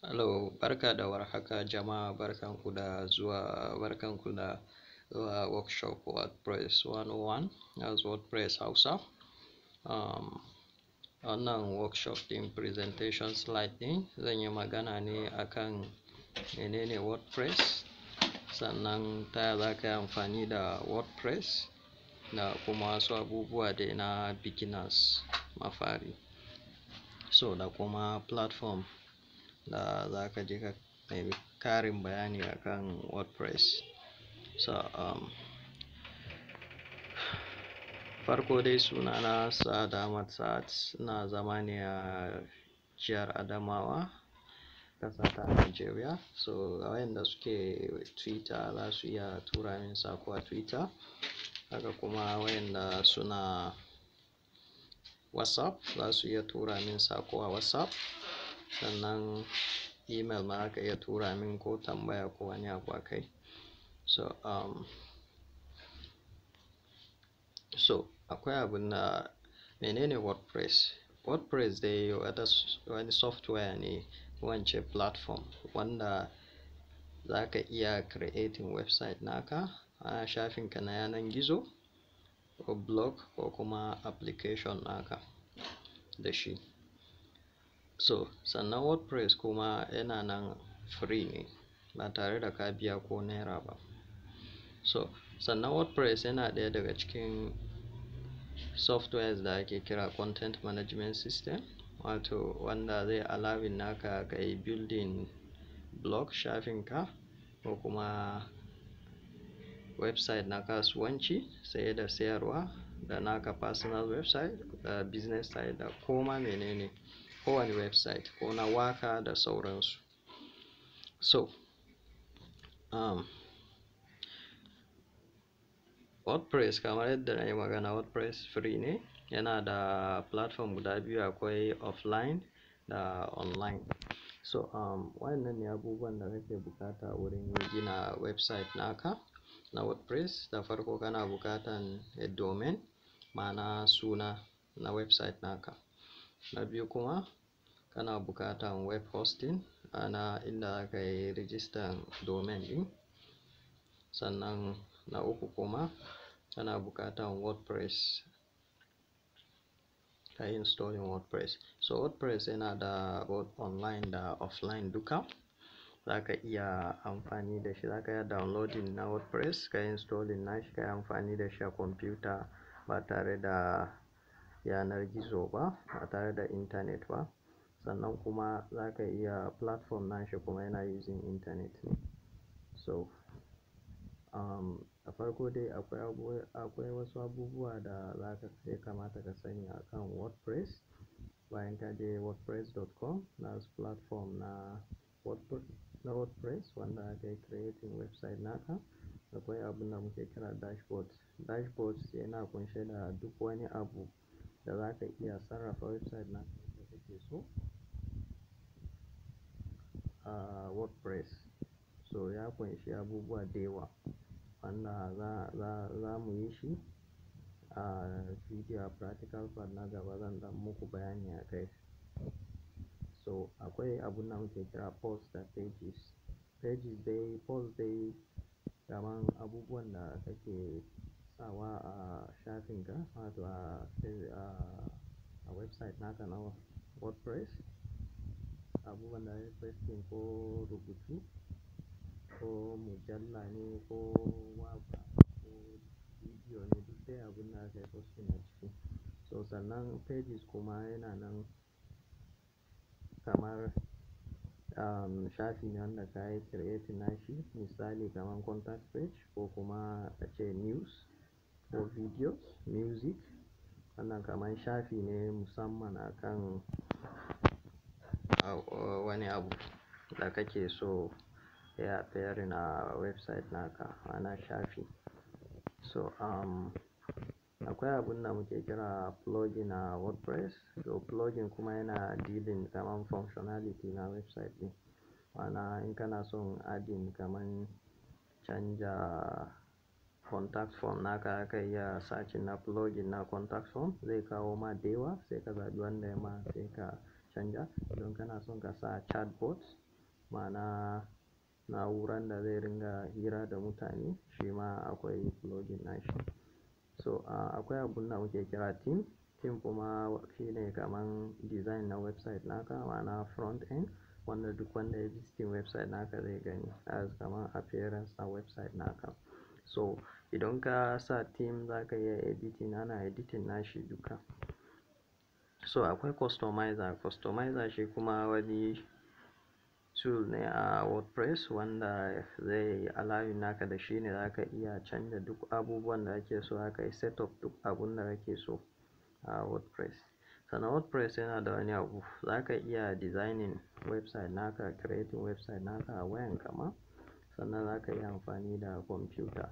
Hello, barka da warhaka jama'a barkanku da zuwa barkanku da zuwa workshop WordPress 101 as WordPress Hausa. Um, wannan workshop ɗin presentation slide din zan yi magana ne akan menene WordPress sannan ta ya za ka yi amfani da WordPress da kuma wasu abubuwa da na beginners mafari. So da kuma platform da za ka je ka nemi ƙarin bayani akan wordpress so um, farko dai sunana sa'ad ahmad sa'ad ina zama ne a jihar adamawa ƙasa ta Najeriya so wayanda suke twitter za su iya tura min sako a twitter haka kuma wayanda suna whatsapp za su iya tura min sako a whatsapp sannan email ma aka iya tura min ko tambaya ko wani abu so um, so akwai abin na menene wordpress wordpress dai wani software ne wance platform wanda zaka iya creating website naka a ka na yanar gizo ko blog ko kuma application naka da shi So sannan WordPress kuma yana nan free ne ba tare da ka biya ko naira ba. So sannan WordPress yana ɗaya daga cikin softwares da ake kira content management system wato wanda zai allowing naka ka yi building blog shafin ka ko kuma website na kasuwanci saye da sayarwa da naka personal website da business site da koma menene. kowane website ko na waka da sauransu so um, wordpress kamar yadda na yi magana wordpress free ne yana da platform guda biyu akwai offline da online so um, wayannan ne abubuwan da kake bukata wurin gina website naka na wordpress da farko kana bukatan a domain ma'ana suna na website naka na biyu kuma kana buƙatan web hosting ana inda aka yi rijistan domain ɗin sannan na uku kuma kana buƙatan wordpress ka yi installing wordpress so wordpress yana da both online da offline duka za ka iya amfani da shi za ka iya downloading na wordpress ka yi installing na shi ka yi amfani da shi a computer ba tare da yanar gizo ba ba tare da intanet ba sannan kuma za ka iya platform nashi kuma yana using internet ne so um, a farko dai akwai wasu abubuwa da za ka ya kamata ka sani akan wordpress bayan ka je wordpress.com na platform na na wordpress wanda aka yi creating website naka akwai abin da muke kira dashboard dashboard yana kunshe da duk wani abu da za ka iya sarrafa website naka yadda kake so a WordPress. So ya ƙunshi abubuwa da yawa wanda za, mu yi shi a video a practical part na gaba zan ɗan muku bayani a kai. So akwai abun da muke kira post da pages. Pages dai post dai kaman abubuwan da kake sawa a shafinka wato a, a website naka na WordPress. abubuwan da na yi ko rubutu ko mujalla ne ko waƙa ko bidiyo ne duk dai abun da aka yi posting a ciki. So sannan pages kuma yana nan kamar, um, shafi ne wanda ka yi creating nashi misali kamar contact page ko kuma ace news ko videos, music. Wannan kamar shafi ne musamman akan. wani abu da kake so ya appearing na website naka, ma'ana shafi. So, um, akwai abun da muke kira blogging a WordPress. So blogging kuma yana dealing kaman functionality na website ɗin. Ma'ana in kana son adding kaman canja contact form naka zaka iya searching na blogging na contact form zai kawo ma da yawa sai ka zaɓi wanda ya ma sai ka. canja idan kana son ka sa chatbot ma'ana na'uran da zai ringa hira da mutane shi ma akwai plugin nashi so akwai abun da muke kira tim tim kuma shi ne kaman design na website naka ma'ana front end wanda duk wanda ya visiting website naka zai gani as kaman appearance na website naka so idan ka sa za ka iya editing ana editing nashi duka. so akwai customizer customizer shi kuma wani tool ne a wordpress wanda zai alayu naka da shi ne zaka iya canja duk abubuwan da ake so aka yi setup duk abun da kake so a wordpress sannan wordpress yana da wani abu zaka iya designing website naka creating website naka a wayan ma sannan zaka iya amfani da computer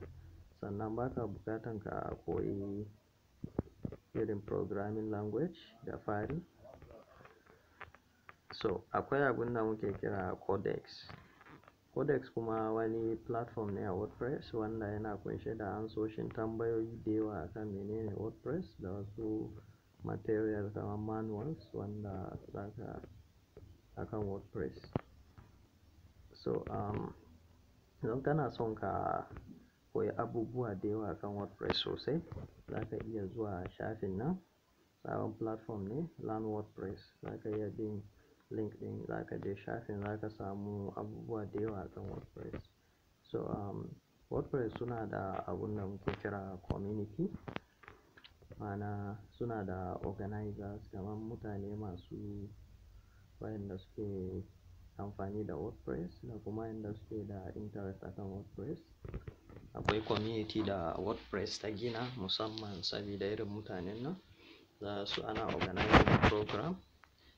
sannan baka bukatan ka koyi irin programming language da fari so akwai abin da muke kira codex codex kuma wani platform ne a wordpress wanda yana kunshe da ansoshin tambayoyi da yawa akan menene wordpress da wasu material kamar manuals wanda zaka akan wordpress so um, idan kana son ka koyi abubuwa da yawa akan WordPress sosai. Zaka iya zuwa shafin nan, sabon platform ne Learn WordPress. Zaka iya bin link ɗin, zaka je shafin zaka samu abubuwa da yawa akan WordPress. So, um, WordPress suna da abun da muke kira community, ma'ana suna da organizers kamar mutane masu wayanda suke amfani da WordPress da kuma wayanda suke da interest akan WordPress. akwai community da wordpress ta gina musamman sabida irin mutanen nan za su ana organizing program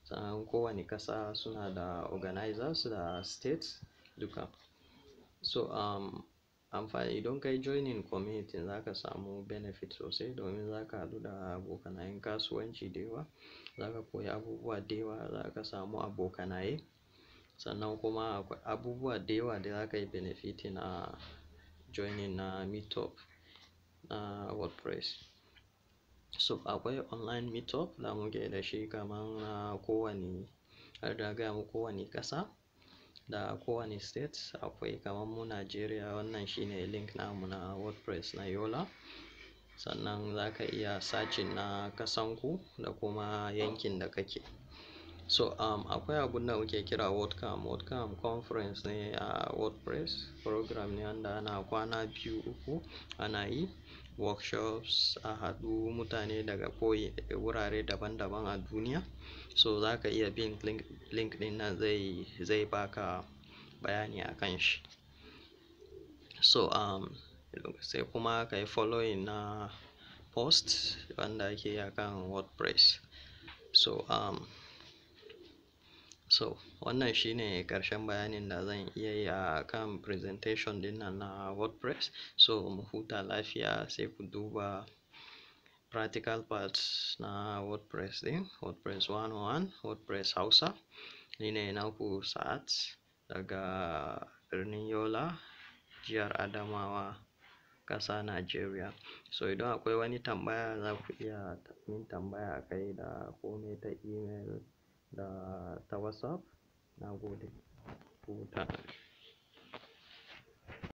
sannan kowane ƙasa suna da organizers da states duka so um, amfani idan kai joining community za ka samu benefit sosai domin za ka haɗu da abokanayen kasuwanci da yawa za ka koyi abubuwa da yawa za ka samu abokanaye sannan kuma akwai abubuwa da yawa da za ka yi benefiting a joining na meetup na wordpress so akwai online meetup da muke da shi kaman na ah, kowane har da gaya mu kowane kasa da kowane state akwai kaman mu nigeria wannan shine link namu na wordpress na yola sannan za ka iya sacin na kasanku da kuma yankin da kake so um, akwai abun da muke kira wordcamp wordcamp conference ne a uh, wordpress program ne wanda ana kwana biyu uku ana yi workshops a haɗu mutane daga koyi wurare daban-daban a duniya so za ka iya bin link, din ɗin nan zai zai baka bayani a kan shi so um, sai kuma ka yi following na post wanda ake yi a kan wordpress so um, So wannan shine karshen bayanin da zan iya yi a kan presentation dinnan na WordPress. So mu huta lafiya sai ku duba practical parts na WordPress ɗin, WordPress 101, WordPress Hausa. Ni ne naku Sa'ad daga birnin Yola, jihar Adamawa, ƙasa nigeria So idan akwai wani tambaya za ku iya yin tambaya a kai da ko ta email. da ta whatsapp na gode huta